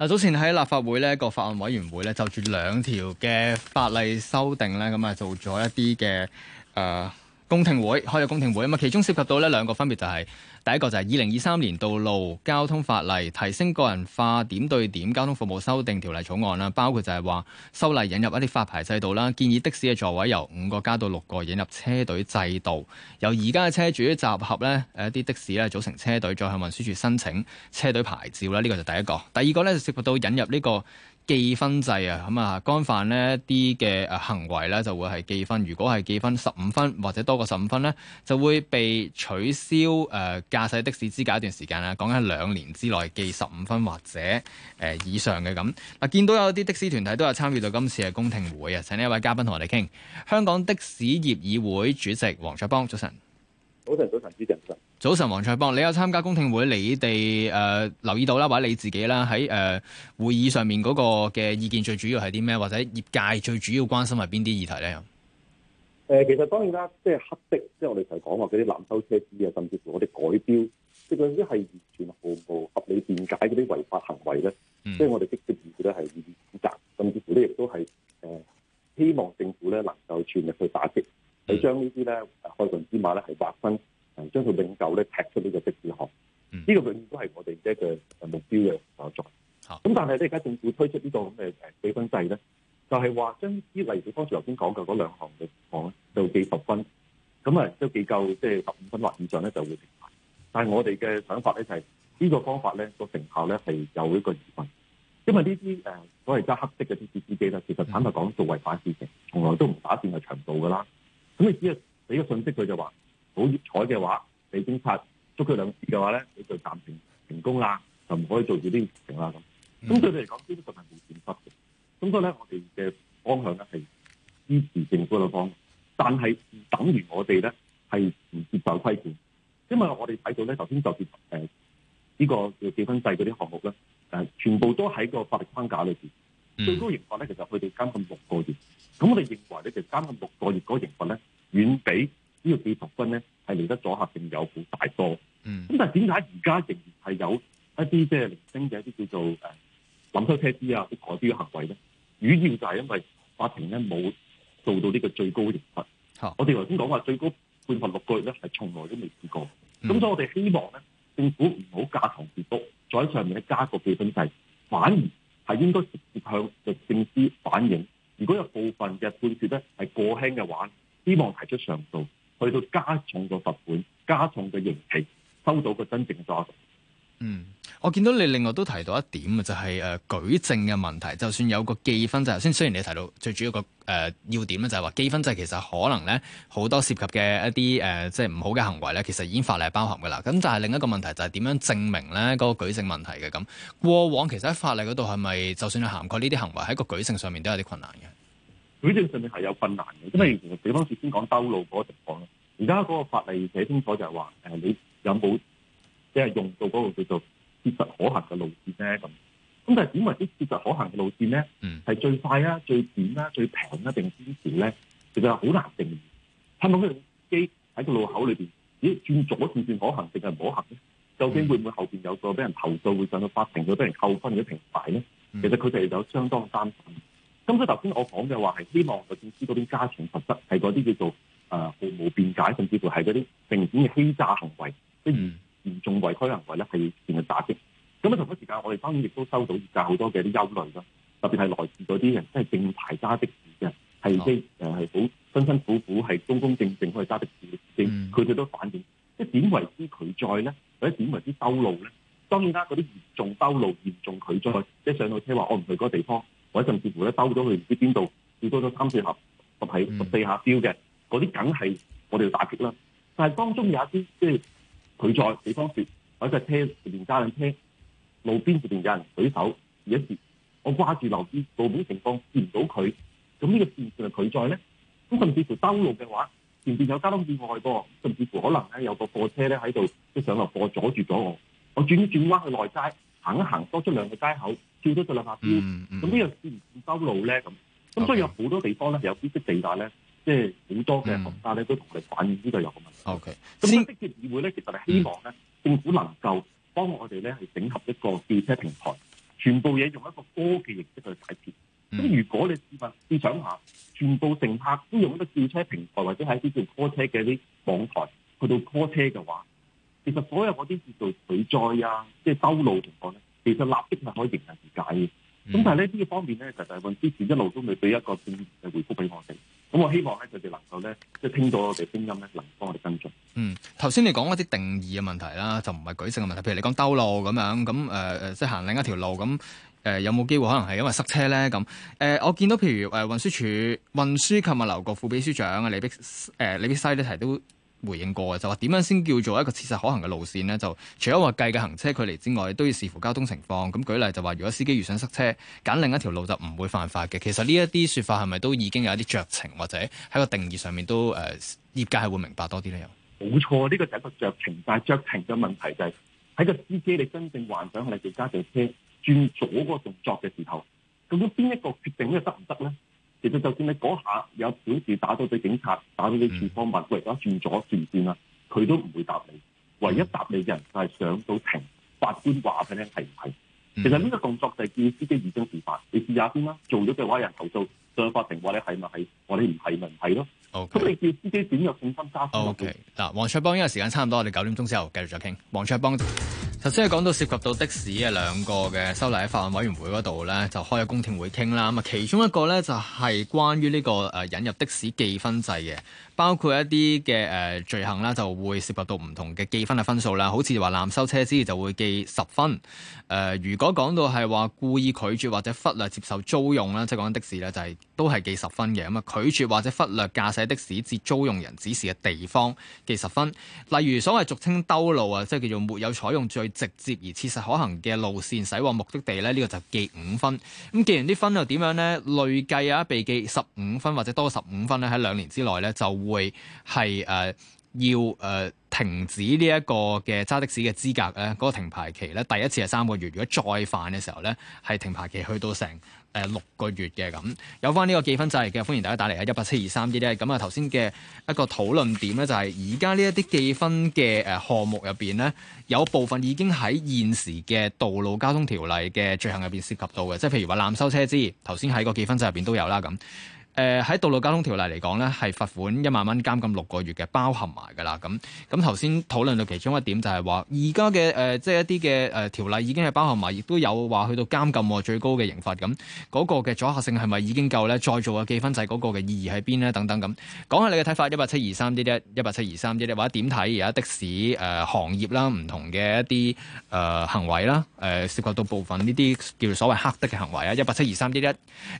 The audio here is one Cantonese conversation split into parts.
嗱，早前喺立法會咧，個法案委員會咧就住兩條嘅法例修訂咧，咁啊做咗一啲嘅誒。公聽會開咗公聽會啊，其中涉及到咧兩個分別，就是，就係第一個就係二零二三年道路交通法例提升個人化點對點交通服務修訂條例草案啦，包括就係話修例引入一啲發牌制度啦，建議的士嘅座位由五個加到六個，引入車隊制度，由而家嘅車主集合咧誒一啲的士咧組成車隊，再向運輸署申請車隊牌照啦。呢、這個就第一個，第二個呢，就涉及到引入呢、這個。記分制啊，咁啊，干犯呢一啲嘅行為咧就會係記分，如果係記分十五分或者多過十五分咧，就會被取消誒駕駛的士資格一段時間啦。講緊兩年之內記十五分或者誒以上嘅咁。嗱，見到有啲的士團體都有參與到今次嘅公聽會啊，請呢一位嘉賓同我哋傾，香港的士業議會主席黃卓邦早晨，早晨。早晨，早晨，主席。早晨，黃卓邦，你有參加公聽會？你哋誒、呃、留意到啦，或者你自己啦，喺誒、呃、會議上面嗰個嘅意見最主要係啲咩？或者業界最主要關心係邊啲議題咧？誒、呃，其實當然啦，即係黑色，即係我哋提講話嗰啲濫收車資啊，甚至乎我哋改標，即係嗰啲係完全毫無合理辯解嗰啲違法行為咧。即係、嗯、我哋積極啲咧係負責，甚至乎咧亦都係誒、呃、希望政府咧能夠全力去打擊，去將這些呢啲咧、嗯、害群之馬咧係劃分。將佢永久咧踢出呢個的士行，呢、嗯、個永遠都係我哋一個目標嘅所在、啊、但現在。咁但係咧而家政府推出呢個咁嘅記分制咧，就係話將，例如你剛才頭先講嘅嗰兩項嘅情況咧，就幾十分，咁啊都幾夠，即係十五分或者以上咧就會停牌。但係我哋嘅想法咧就係、是、呢、呢個方法咧個成效咧係有一個疑問，因為呢啲誒所謂揸黑色嘅的士司機咧，其實坦白講做違法事情，從來都唔打算係長度噶啦。咁你只係俾個信息佢就話。冇彩嘅話，你警察捉佢兩次嘅話咧，你就暫停成功啦，就唔可以做住呢件事情啦。咁，咁相對嚟講，呢啲部分係唔現實嘅。咁所以咧，我哋嘅方向咧係支持政府嘅方，但係唔等於我哋咧係唔接受規管，因為我哋睇到咧，頭先就接誒呢個叫結婚制嗰啲項目咧，誒，全部都喺個法律框架裏邊，最高刑罰咧，其實去到監禁六個月。咁我哋認為咧，其實監禁六個月嗰個刑罰咧，遠比。呢個記十分咧，係嚟得阻嚇性有好大個。嗯，咁但係點解而家仍然係有一啲即係零星嘅一啲叫做誒濫收車資啊啲改錶行為咧？主要就係因為法庭咧冇做到呢個最高刑罰。嚇、oh.，我哋頭先講話最高判罰六個月咧，係從來都未試過。咁、mm. 所以我哋希望咧，政府唔好加糖澱粉，再喺上面咧加個記分制，反而係應該直接向律政司反映。如果有部分嘅判決咧係過輕嘅話，希望提出上訴。去到加重個罰款、加重嘅刑期，收到個真正嘅抓。嗯，我見到你另外都提到一點就係、是、誒、呃、舉證嘅問題。就算有個記分制，先雖然你提到最主要個誒、呃、要點咧，就係話記分制其實可能咧好多涉及嘅一啲誒、呃、即係唔好嘅行為咧，其實已經法例包含㗎啦。咁但係另一個問題就係、是、點樣證明咧嗰、那個舉證問題嘅咁？過往其實喺法例嗰度係咪就算係涵蓋呢啲行為喺個舉證上面都有啲困難嘅？舉證上面係有困難嘅，因為其實比方說先講兜路嗰個情況。而家嗰個法例寫清楚就係話，你有冇即係用到嗰個叫做切實可行嘅路線咧？咁咁但係點為啲切實可行嘅路線咧？係最快啦、啊啊、最便啦、啊、最平啦，定邊時咧？其實好難定義。睇到嗰架機喺個路口裏面，咦轉左線轉可行定係唔可行咧？究竟會唔會後面有個俾人投訴，會上到法庭，咗俾人扣分，要停牌咧？其實佢哋有相當擔心。咁所以頭先我講嘅話係希望個證書嗰啲加重罰則係嗰啲叫做誒、毫無辯解，甚至乎係嗰啲明顯嘅欺詐行為，嗯、即係嚴重違規行為咧，要進行打擊。咁啊同一時間，我哋當然亦都收到而家好多嘅啲憂慮啦，特別係來自嗰啲人即係正牌揸的士嘅，係即係係好辛辛苦苦係公公正正去揸的士嘅，佢哋都反映，即係點為之拒載咧，或者點為之兜路咧？當然啦，嗰啲嚴重兜路、嚴重拒載，即係上到車話我唔去嗰地方。或者甚至乎咧兜咗去唔知邊度，見多咗三四盒或係十四下錶嘅，嗰啲梗係我哋要打擊啦。但係當中有一啲，即係拒載，比方說，喺架車前邊揸緊車，路邊前邊有人舉手，而一時，我掛住留意路邊情況，見唔到佢，咁呢個算唔算係拒載咧？咁甚至乎兜路嘅話，前邊有交通意外噃，甚至乎可能咧有個貨車咧喺度即係上落貨阻住咗我，我轉轉彎去內街行一行，多出兩個街口。最多就立百標，咁、嗯嗯、呢個算唔算收路咧？咁咁 Okay, 所以有好多地方咧，有灰色地帶咧，即係好多嘅行家咧都同我哋反映呢度有個問題。O K. 咁呢啲嘅議會咧，其實係希望咧，嗯、政府能夠幫我哋咧係整合一個叫車平台，全部嘢用一個科技形式去解決。咁、嗯、如果你試問試想下，全部乘客都用一個叫車平台或者係啲叫 call 車嘅啲網台去到 call 車嘅話，其實所有嗰啲叫做拒載啊，即係收路情況咧，其實立即咪可以形成。咁但係呢啲方面咧，就大部之前一路都未俾一個正式嘅回覆俾我哋。咁我希望咧，佢哋能夠咧，即係聽到我哋聲音咧，能幫我哋跟進。嗯，頭先你講一啲定義嘅問題啦，就唔係舉證嘅問題。譬如你講兜路咁樣，咁誒誒，即係行另一條路，咁、呃、誒有冇機會可能係因為塞車咧？咁、呃、誒，我見到譬如誒運輸署運輸及物流局副秘書長啊李碧誒、呃、李碧西呢提都。回應過嘅就話點樣先叫做一個切實可行嘅路線呢？就除咗話計嘅行車距離之外，都要視乎交通情況。咁舉例就話，如果司機遇上塞車，揀另一條路就唔會犯法嘅。其實呢一啲説法係咪都已經有一啲酌情，或者喺個定義上面都誒、呃，業界係會明白多啲呢。又冇錯，呢、就係一個酌情，但係酌情嘅問題就係、係、喺個司機你真正幻想係自家部車轉左嗰個動作嘅時候，究竟邊一個決定咧得唔得呢？其實就算你嗰下有表示打到俾警察，打到俾處方問喂，而家轉咗算唔算啊，佢都唔會答你。唯一答你嘅人就係上到庭，法官話俾你係唔係。嗯、其實呢個動作就係叫司機已經違法，你試下先啦。做咗嘅話，人投訴上法庭話你係咪係，話你唔係咪係咯。咁 Okay. 你叫司機點樣有信心揸駛？O K，嗱，黃、okay. 卓邦，呢個時間差唔多，我哋九點鐘之後繼續再傾。黃卓邦。首先係講到涉及到的士嘅兩個嘅修例喺法案委員會嗰度咧，就開咗公聽會傾啦。咁啊，其中一個咧就係關於呢個引入的士記分制嘅，包括一啲嘅誒罪行啦，就會涉及到唔同嘅記分嘅分數啦。好似話濫收車資就會記十分。誒、呃，如果講到係話故意拒絕或者忽略接受租用啦，即係講緊的士呢，就係、是、都係記十分嘅。咁啊，拒絕或者忽略駕駛的士至租用人指示嘅地方，記十分。例如所謂俗稱兜路啊，即、就、係、是、叫做沒有採用最直接而切實可行嘅路線，駛往目的地呢，呢、這個就記五分。咁、嗯、既然啲分又點樣呢？累計啊，被記十五分或者多十五分呢，喺兩年之內呢，就會係誒。呃要誒停止呢一個嘅揸的士嘅資格咧，嗰、那個停牌期咧，第一次係三個月，如果再犯嘅時候咧，係停牌期去到成誒六個月嘅咁。有翻呢個記分制嘅，歡迎大家打嚟啊，一八七二三二一。咁啊，頭先嘅一個討論點咧、就是，就係而家呢一啲記分嘅誒項目入邊咧，有部分已經喺現時嘅道路交通條例嘅罪行入邊涉及到嘅，即係譬如話濫收車資，頭先喺個記分制入邊都有啦咁。誒喺道路交通條例嚟講咧，係罰款一萬蚊、監禁六個月嘅，包含埋㗎啦。咁咁頭先討論到其中一點，就係話而家嘅誒，即、呃、係、就是、一啲嘅誒條例已經係包含埋，亦都有話去到監禁最高嘅刑罰。咁嗰個嘅阻嚇性係咪已經夠咧？再做嘅記分制嗰個嘅意義喺邊咧？等等咁，講下你嘅睇法。一八七二三一一，一八七二三一一，或者點睇而家的士誒、呃、行業啦，唔同嘅一啲誒、呃、行為啦，誒、呃、涉及到部分呢啲叫做所謂黑的嘅行為啊。一八七二三一一，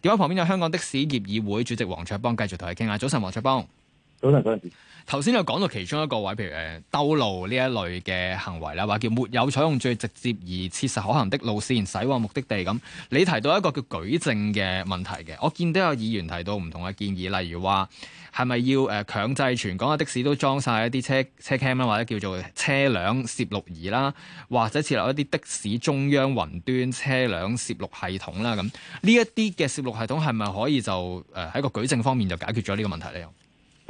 電話旁邊有香港的士業議會。主席黃卓邦繼續同你傾下，早晨黃卓邦。早晨嗰陣時，頭、嗯、先、嗯、有講到其中一個位，譬如誒兜路呢一類嘅行為啦，話叫沒有採用最直接而切實可行的路線，駛往目的地咁。你提到一個叫舉證嘅問題嘅，我見到有議員提到唔同嘅建議，例如話。係咪要誒強制全港嘅的，的士都裝晒一啲車車 cam 啦，或者叫做車輛攝錄儀啦，或者設立一啲的士中央雲端車輛攝錄系統啦？咁呢一啲嘅攝錄系統係咪可以就誒喺個舉證方面就解決咗呢個問題咧？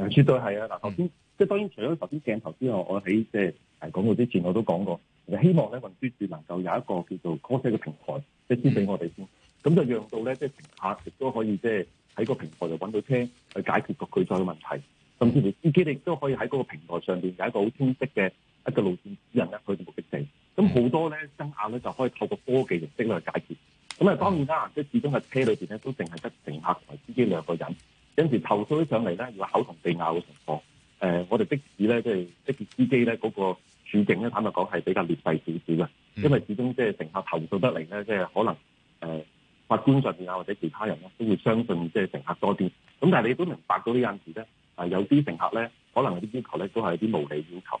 絕對係啊！嗱，頭先即係當然除咗頭先鏡頭之外，我喺即係誒講到之前我都講過，希望咧運輸署能夠有一個叫做 call 車嘅平台，即係支俾我哋先，咁就讓到咧即係乘客亦都可以即係。喺個平台度揾到車去解決個拒載嘅問題，甚至乎司機亦都可以喺嗰個平台上邊有一個好清晰嘅一個路線指引咧，佢哋目的地。咁好多咧爭拗咧就可以透過科技形式去解決。咁啊當然啦，即係、mm hmm. 始終係車裏邊咧都淨係得乘客同埋司機兩個人，有時投訴起上嚟咧要口同鼻拗嘅情況。誒、呃，我哋的士咧即係的士司機咧嗰、那個處境咧坦白講係比較劣勢少少嘅，mm hmm. 因為始終即係乘客投訴得嚟咧即係可能誒。呃法官上面啊，或者其他人咧，都會相信即係乘客多啲。咁但係你都明白到呢啲嘢咧，啊有啲乘客咧，可能啲要求咧都係一啲無理要求。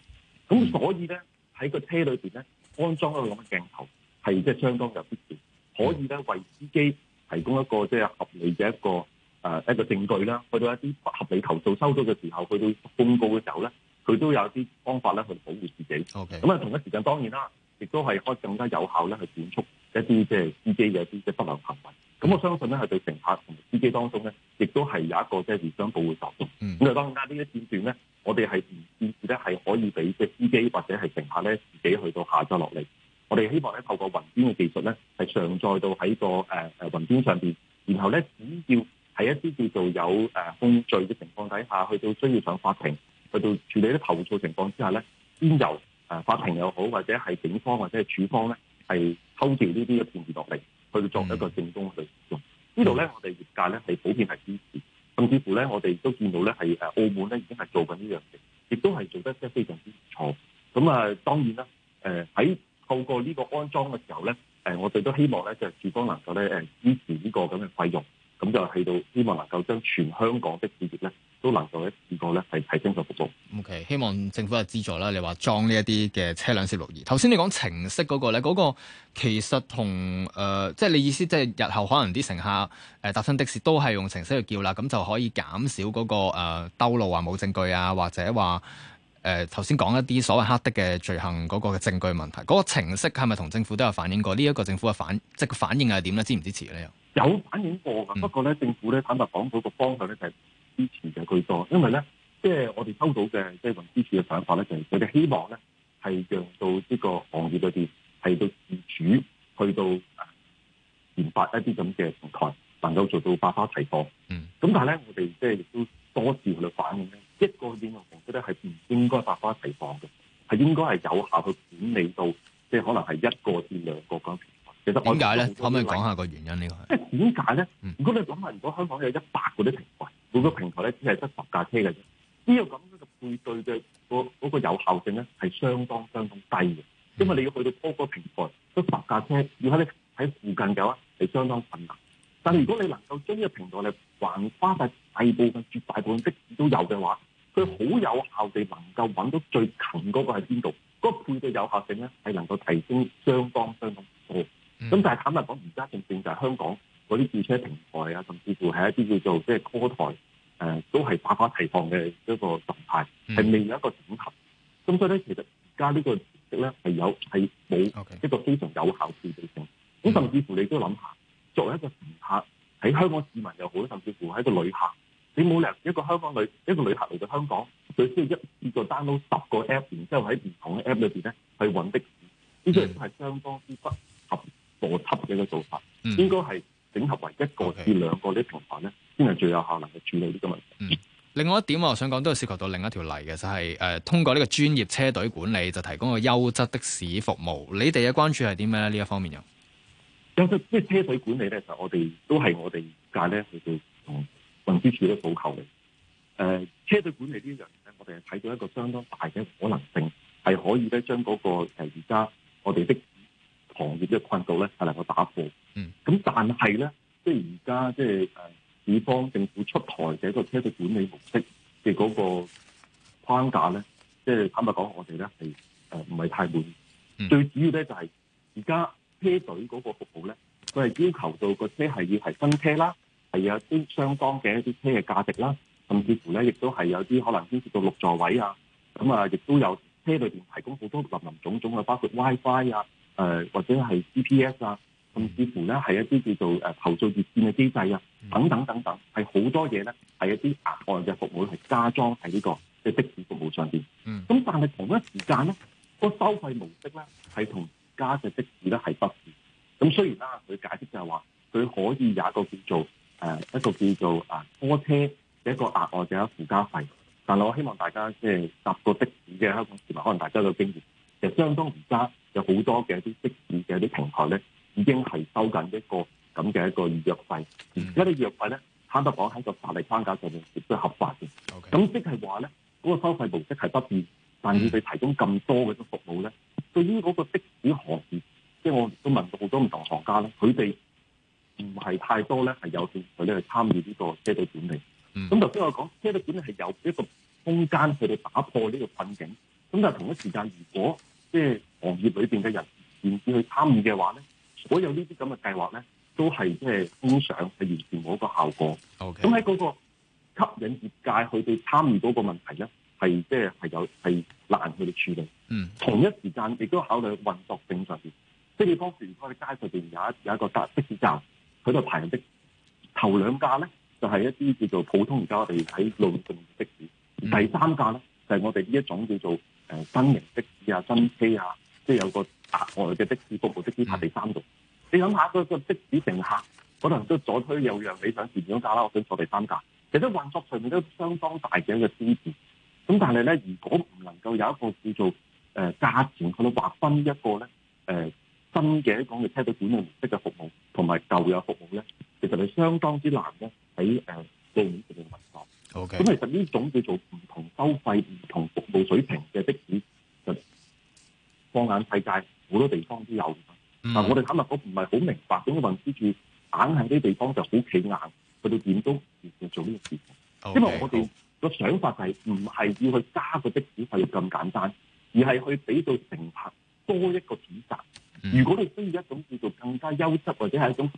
咁、嗯、所以咧喺個車裏邊咧，安裝一個咁嘅鏡頭，係即係相當有必要，可以咧為司機提供一個即係合理嘅一個誒、呃、一個證據啦。去到一啲不合理投訴收到嘅時候，去到公告嘅時候咧，佢都有啲方法咧去保護自己。OK，咁啊同一時間當然啦，亦都係可以更加有效咧去檢控。一啲即係司機嘅一啲即係不良行為，咁我相信咧，係對乘客同司機當中咧，亦都係有一個即係互相保護作用。咁啊、嗯，當然間呢啲片段咧，我哋係唔建議咧係可以俾即係司機或者係乘客咧自己去到下載落嚟。我哋希望咧透過雲端嘅技術咧，係上載到喺個誒、呃、雲端上面，然後咧只要喺一啲叫做有誒控罪嘅情況底下，去到需要上法庭，去到處理啲投訴情況之下咧，先由誒法庭又好，或者係警方或者係處方咧係。收掉呢啲嘅電力落嚟，去作一個正工使用。呢度咧，我哋業界咧係普遍係支持，甚至乎咧，我哋都見到咧係誒澳門咧已經係做緊呢樣嘢，亦都係做得即係非常之唔錯。咁啊，當然啦，誒喺透過呢個安裝嘅時候咧，誒我哋都希望咧就各方能夠咧誒支持呢個咁嘅費用。咁就起到，希望能夠將全香港的士業咧，都能夠一次過咧係提升個服務。O、okay, K，希望政府嘅資助啦，你話裝呢一啲嘅車輛攝錄儀。頭先你講程式嗰、那個咧，嗰、那個其實同誒，即、呃、係、就是、你意思，即係日後可能啲乘客誒搭親的士都係用程式去叫啦，咁就可以減少嗰、那個、呃、兜路啊、冇證據啊，或者話誒頭先講一啲所謂黑的嘅罪行嗰個嘅證據問題。嗰、那個程式係咪同政府都有反映過？呢、這、一個政府嘅反，即係反應係點咧？支唔支持咧？有反映過㗎，不過咧，政府咧坦白講，嗰個方向咧就係支持嘅居多，因為咧，即係我哋收到嘅即係運輸署嘅想法咧，就係我哋希望咧係讓到呢個行業嗰啲係到自主去到研發一啲咁嘅平台，能夠做到百花齊放。嗯，咁但係咧，我哋即係亦都多次去反映咧，一個應用程式咧係唔應該百花齊放嘅，係應該係有效去管理到，即係可能係一個至兩個咁。其實點解咧？可唔可以講下個原因個呢？因為點解咧？如果你諗下，如果香港有一百嗰啲平台，每個平台咧只係得十架車嘅啫，呢個咁樣嘅配對嘅個嗰個有效性咧係相當相當低嘅。因為你要去到多個平台，都十架車，要喺你喺附近有呢，係相當困難。但係如果你能夠將呢個平台咧橫跨晒大部分、絕大部分的士都有嘅話，佢好有效地能夠搵到最近嗰個喺邊度，嗰、嗰個配對有效性咧係能夠提升相當相當多。咁、嗯、但係坦白講，而家正正就係香港嗰啲叫車平台啊，甚至乎係一啲叫做即係 call 台，誒、呃、都係百花齊放嘅一個狀態，係未有一個整合。咁、嗯嗯、所以咧，其實而家呢個模式咧係有係冇一個非常有效競爭性。咁、嗯嗯、甚至乎你都諗下，作為一個乘客喺香港市民又好，甚至乎係一個旅客，你冇理由一個香港女一個旅客嚟到香港，佢要一次過 download 十個 app，然之後喺唔同嘅 app 裏面咧去揾的士，呢啲都係相當之不合。墮級嘅一個做法，應該係整合為一個至兩個呢個群塊咧，先係最有效能去處理呢個問題，嗯。另外一點，我想講都係涉及到另一條例嘅，就係、是、誒、呃、通過呢個專業車隊管理，就提供個優質的士服務。你哋嘅關注係點咩咧？呢一方面有，即係車隊管理咧，就我哋都係我哋家咧去到同運輸處咧補求嚟。誒，車隊管理呢樣咧、就是呃，我哋係睇到一個相當大嘅可能性，係可以咧將嗰個誒而家我哋的。行業嘅困局咧，係能夠打破。咁、嗯、但係咧，即係而家即係地方政府出台嘅一個車隊管理模式嘅嗰個框架咧，即係坦白講，我哋咧係誒唔係太滿。嗯、最主要咧就係而家車隊嗰個服務咧，佢係要求到個車係要係新車啦，係有啲相當嘅一啲車嘅價值啦，甚至乎咧亦都係有啲可能牽涉到六座位啊。咁啊，亦都有車裏邊提供好多林林種種嘅，包括 WiFi 啊。誒、呃、或者係 GPS 啊，甚至乎咧係一啲叫做誒、啊、投訴熱線嘅機制啊，等等等等，係好多嘢咧係一啲額外嘅服務，係加裝喺呢、這個嘅、即係、的士服務上邊。咁、嗯、但係同一時間咧，那個收費模式咧係同而家嘅的士咧係不同。咁雖然啦，佢解釋就係話佢可以有一個叫做誒、呃、一個叫做啊拖車嘅一個額外嘅一附加費，但係我希望大家即係搭過的士嘅香港市民，可能大家都有經驗就相當唔差。有好多嘅啲的士嘅啲平台咧，已經係收緊一個咁嘅一個預約費。而家啲預約費咧，坦白講喺個法例框架上面，亦都合法嘅。咁即係話咧，嗰、那個收費模式係不變，但要佢提供咁多嘅服務咧，嗯、對於嗰個的士行業，即係我都問過好多唔同行家咧，佢哋唔係太多咧係有興趣咧去參與呢個車隊管理。咁頭先我講車隊管理係有一個空間去到打破呢個困境。咁但係同一時間，如果即係，呃業裏邊嘅人甚至去參與嘅話咧，所有呢啲咁嘅計劃咧，都係即係空想，係完全冇一個效果。咁喺嗰個吸引業界佢哋參與嗰個問題咧，係即係係有係難去處理。Mm hmm. 同一時間亦都考慮運作性上面，即係你當時如果喺街上邊有一有一個搭的士站，佢度排的士，頭兩架咧就係、是、一啲叫做普通而家我哋喺路用的，的，的士，第三架咧就係、是、我哋呢一種叫做誒、呃、新型的士啊、新車啊。即係有個額外嘅的士服務，的士爬第三度。你諗下，個的士乘客可能都左推右讓，你想試兩架啦，我想坐第三架。其實運作上面都相當大嘅一個支持。咁但係咧，如果唔能夠有一個叫做誒價錢去劃分一個咧誒、呃、新嘅香港嘅車隊管理模式嘅服務，同埋舊有服務咧，其實係相當之難嘅喺誒地面上面運作。咁 Okay. 其實呢種叫做唔同收費、唔同服務水平嘅的士嘅。就是放眼世界，好多地方都有。嗱，我哋坦白講唔係好明白，咁個運輸署硬係啲地方就好企硬，去到點都唔會做呢個事。因為我哋個 Okay. 想法就係唔係要去加個的士費咁簡單，而係去俾到乘客多一個選擇。嗯、如果你需要一種叫做更加優質或者係一種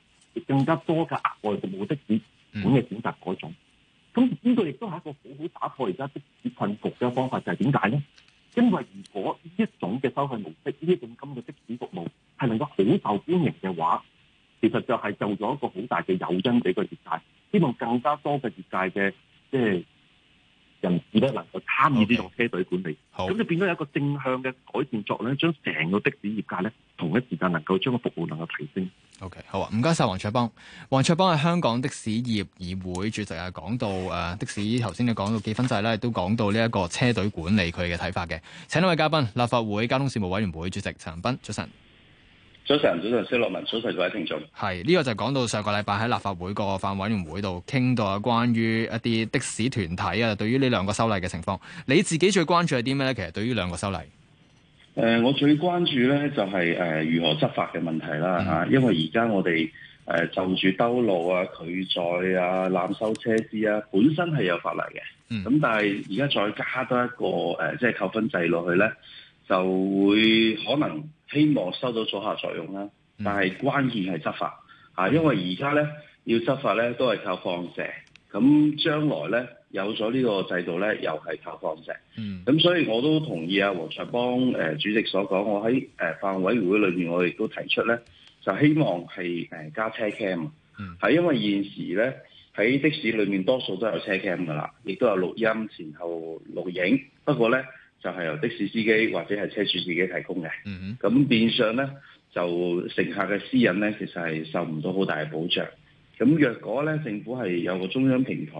更加多嘅額外嘅服務的士款嘅選擇嗰種，咁呢個亦都係一個好好打破而家的士困局嘅方法。就係點解咧？因為如果呢一種嘅收費模式，呢一種咁嘅的士服務係能夠好受歡迎嘅話，其實就係做咗一個好大嘅誘因俾個業界，希望更加多嘅業界嘅即係人士咧能夠參與呢種車隊管理，咁、okay. 好就變咗有一個正向嘅改善作用，將成個的士業界咧同一時間能夠將個服務能夠提升。O.K. 好啊，唔該晒黃卓邦。黃卓邦係香港的士業議會主席啊，講到誒的士，頭先你講到記分制咧，都講到呢一個車隊管理佢嘅睇法嘅。請兩位嘉賓，立法會交通事務委員會主席陳恒鑌，早晨。早晨，早晨，蕭樂文，早晨各位聽眾。係呢個就係講到上個禮拜喺立法會個泛委員會度傾到啊，關於一啲的士團體啊，對於呢兩個修例嘅情況，你自己最關注係啲咩呢？其實對於兩個修例。誒、呃，我最關注咧就係、是、誒、呃、如何執法嘅問題啦嚇，嗯、因為而家我哋誒、呃、就住兜路啊、拒載啊、濫收車資啊，本身係有法例嘅，咁、嗯、但係而家再加多一個誒、呃，即係扣分制落去咧，就會可能希望收到阻嚇作用啦。嗯、但係關鍵係執法嚇、啊，因為而家咧要執法咧都係靠放蛇。咁將來咧。有咗呢個制度呢，又係靠方正。嗯、mm，咁、hmm. 所以我都同意啊，黃卓邦、呃、主席所講。我喺誒法案委員會裏面，我亦都提出呢，就希望係、呃、加車 cam。係、mm hmm. 因為現時呢，喺的士裏面多數都有車 cam 㗎喇，亦都有錄音、前後錄影。不過呢，就係、是、由的士司機或者係車主自己提供嘅。咁、mm hmm. 變相呢，就乘客嘅私隱呢，其實係受唔到好大嘅保障。咁若果呢，政府係有個中央平台。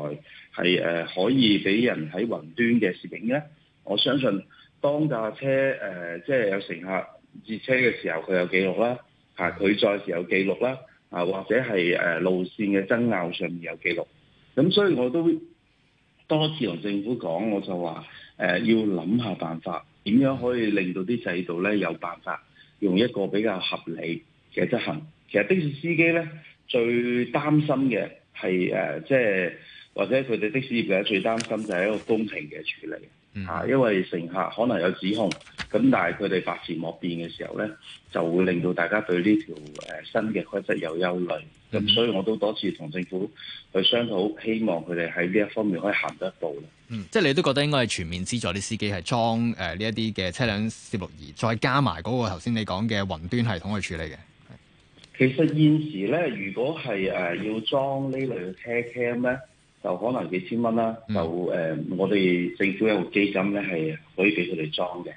係誒，可以俾人喺雲端嘅攝影呢，我相信當架車，誒即係有乘客截車嘅時候，佢有記錄啦，嚇佢再時有記錄啦，啊或者係誒路線嘅爭拗上面有記錄，咁所以我都多次同政府講，我就話誒、呃、要諗下辦法，點樣可以令到啲制度呢有辦法用一個比較合理嘅執行。其實的士司機呢，最擔心嘅係誒即係。呃即係或者佢哋的士業者最擔心就係一個公平嘅處理，嚇、嗯，因為乘客可能有指控，咁但係佢哋百辭莫辯嘅時候咧，就會令到大家對呢條誒新嘅規則有憂慮。咁、嗯、所以我都多次同政府去商討，希望佢哋喺呢一方面可以行得一步咯。嗯，即係你都覺得應該係全面資助啲司機係裝誒呢一啲嘅車輛攝錄儀，2，再加埋嗰個頭先你講嘅雲端系統去處理嘅。其實現時咧，如果係誒、呃、要裝這類呢類嘅車 cam 咧。就可能幾千蚊啦，嗯、就、呃、我哋政府有個基金咧，係可以俾佢哋裝嘅。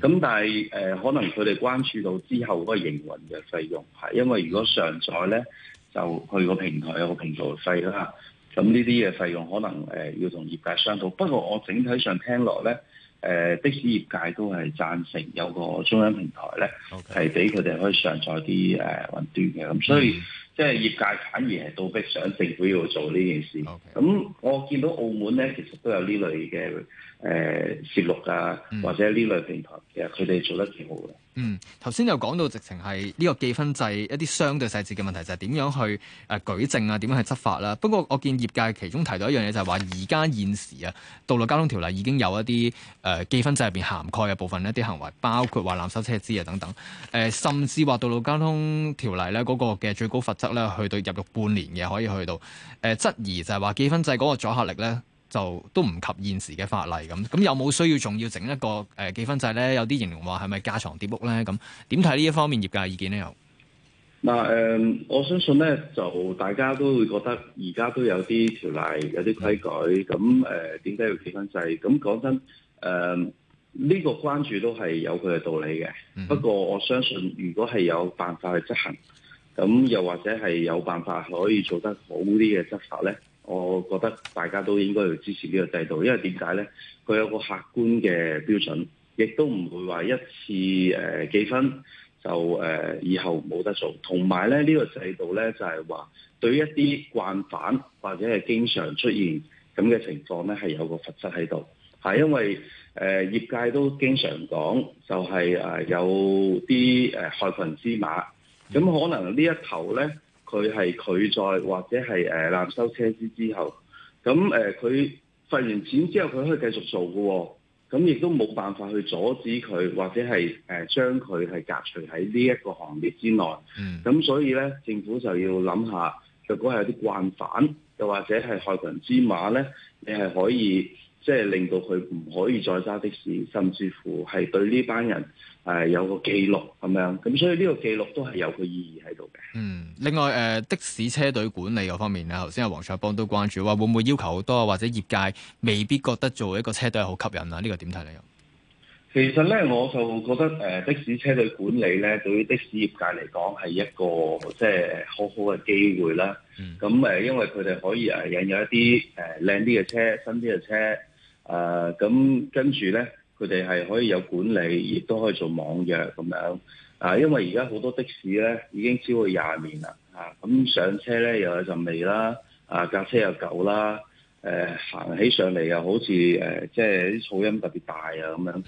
咁、嗯、但係、呃、可能佢哋關注到之後嗰個營運嘅費用，係因為如果上載咧，就佢個平台有個平台費啦。咁呢啲嘅費用可能、呃、要同業界商討。不過我整體上聽落咧，誒、呃、的士業界都係贊成有個中央平台咧，係俾佢哋可以上載啲誒、呃、雲端嘅，咁所以。嗯即係業界反而係倒逼想政府要做呢件事，咁 Okay, okay. 我見到澳門咧，其實都有呢類嘅誒攝錄啊，嗯、或者呢類平台，其實佢哋做得幾好嘅。嗯，頭先就講到直情係呢個記分制一啲相對細節嘅問題，就係、是、點樣去誒、呃、舉證啊，點樣去執法啦。不過我見業界其中提到一樣嘢，就係話而家現時啊，道路交通條例已經有一啲誒記分制入邊涵蓋嘅部分一啲行為，包括話濫收車資啊等等。誒、呃，甚至話道路交通條例咧嗰、那個嘅最高罰則咧，去到入獄半年嘅可以去到誒、呃、質疑就係話記分制嗰個阻嚇力咧。就都唔及現時嘅法例咁，咁有冇需要仲要整一個誒記分制呢？有啲形容話係咪架牀疊屋呢？咁點睇呢一方面業界意見呢？又嗱、呃、我相信呢，就大家都會覺得而家都有啲條例有啲規矩，咁誒點解要記分制？咁講真誒，呢、呃呢個關注都係有佢嘅道理嘅。Mm hmm. 不過我相信，如果係有辦法去執行，咁又或者係有辦法可以做得好啲嘅執法呢？我覺得大家都應該去支持呢個制度，因為點解呢？佢有個客觀嘅標準，亦都唔會話一次誒、呃、記分就誒、呃、以後冇得做。同埋咧，呢、這個制度呢，就係、是、話對一啲慣犯或者係經常出現咁嘅情況呢，係有個罰則喺度。係因為誒、呃、業界都經常講、就是，就係誒有啲誒、呃、害群之馬，咁可能呢一頭呢，佢係拒載或者係誒濫收車資之後，咁誒佢罰完錢之後，佢可以繼續做嘅喎、哦，咁亦都冇辦法去阻止佢，或者係誒、呃、將佢係隔除喺呢一個行列之內。咁、嗯、所以呢，政府就要諗下，若果係有啲慣犯，又或者係害群之馬呢，你係可以即係令到佢唔可以再揸的士，甚至乎係對呢班人，係有個記錄咁樣，咁所以呢個記錄都係有個意義喺度嘅。嗯，另外誒、呃，的士車隊管理嘅方面咧，頭先阿黃卓邦都關注，話會唔會要求好多，或者業界未必覺得做一個車隊係好吸引啊，呢、這個點睇嚟？其實咧，我就覺得誒、呃，的士車隊管理咧，對於的士業界嚟講係一個即係、呃、好好嘅機會啦。咁誒、嗯嗯，因為佢哋可以誒引入一啲誒靚啲嘅車、新啲嘅車，誒咁跟住咧。佢哋係可以有管理，亦都可以做網約咁樣。啊，因為而家好多的士咧已經超過廿年啦，嚇、啊、咁上車咧又有陣味啦，啊架車又舊啦，誒、啊、行起上嚟又好似誒、啊、即係啲噪音特別大啊咁樣。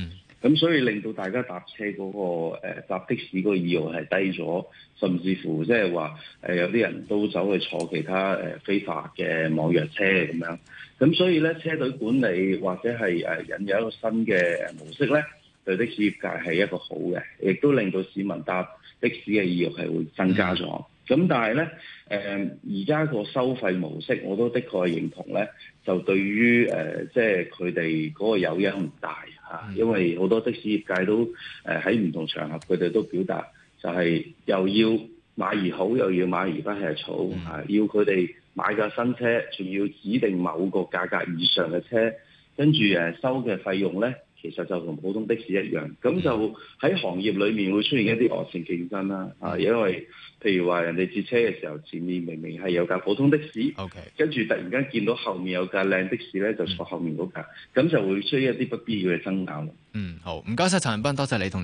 咁所以令到大家搭車嗰，那個誒，呃，搭的士嗰個意欲係低咗，甚至乎即係話誒，有啲人都走去坐其他誒、呃，非法嘅網約車咁樣，咁所以咧，車隊管理或者係誒、呃，引入一個新嘅模式咧，對的士業界係一個好嘅，亦都令到市民搭的士嘅意欲係會增加咗。咁、嗯，但係咧，誒而家個收費模式我都的確係認同咧，就對於，誒即係佢哋嗰個有影響唔大。啊，因為好多的士業界都誒喺唔同場合，佢哋都表達，就係又要買而好，又要買而不吃草，啊，要佢哋買架新車，仲要指定某個價格以上嘅車，跟住收嘅費用咧。其實就同普通的士一樣，咁就喺行業裏面會出現一啲惡性競爭啦。啊，因為譬如話人哋截車嘅時候前面明明係有架普通的士，OK，跟住突然間見到後面有架靚的，的士咧，就坐後面嗰架，咁、嗯、就會出現一啲不必要嘅爭拗。嗯，好，唔該晒陳恒鑌，多謝，謝你同。